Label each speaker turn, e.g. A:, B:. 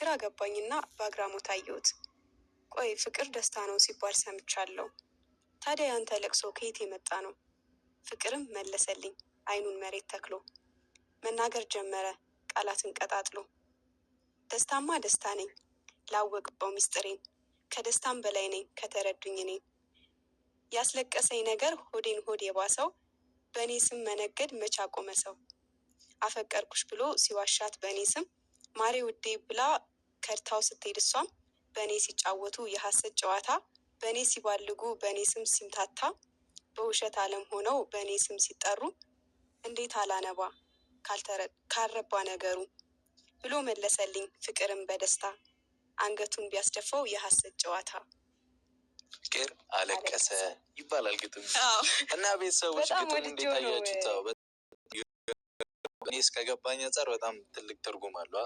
A: ግራ ገባኝና በአግራሞት አየሁት። ቆይ ፍቅር ደስታ ነው ሲባል ሰምቻለሁ። ታዲያ ያንተ ለቅሶ ከየት የመጣ ነው? ፍቅርም መለሰልኝ አይኑን መሬት ተክሎ። መናገር ጀመረ ቃላትን ቀጣጥሎ። ደስታማ ደስታ ነኝ ላወቅበው ሚስጥሬን፣ ከደስታም በላይ ነኝ ከተረዱኝ እኔን። ያስለቀሰኝ ነገር ሆዴን ሆድ የባሰው በእኔ ስም መነገድ መቻ አቆመ ሰው? አፈቀርኩሽ ብሎ ሲዋሻት በእኔ ስም ማሬ ውዴ ብላ ከድታው ስትሄድ እሷም በእኔ ሲጫወቱ የሐሰት ጨዋታ በእኔ ሲባልጉ በእኔ ስም ሲምታታ በውሸት ዓለም ሆነው በእኔ ስም ሲጠሩ እንዴት አላነባ ካልረባ ነገሩ ብሎ መለሰልኝ ፍቅርም በደስታ አንገቱን ቢያስደፋው የሐሰት ጨዋታ
B: ፍቅር አለቀሰ ይባላል ግጥም እና ቤተሰቦች ግጥም እንዴት አያችሁት? እኔ እስከገባኝ አንጻር በጣም ትልቅ ትርጉም አለዋ።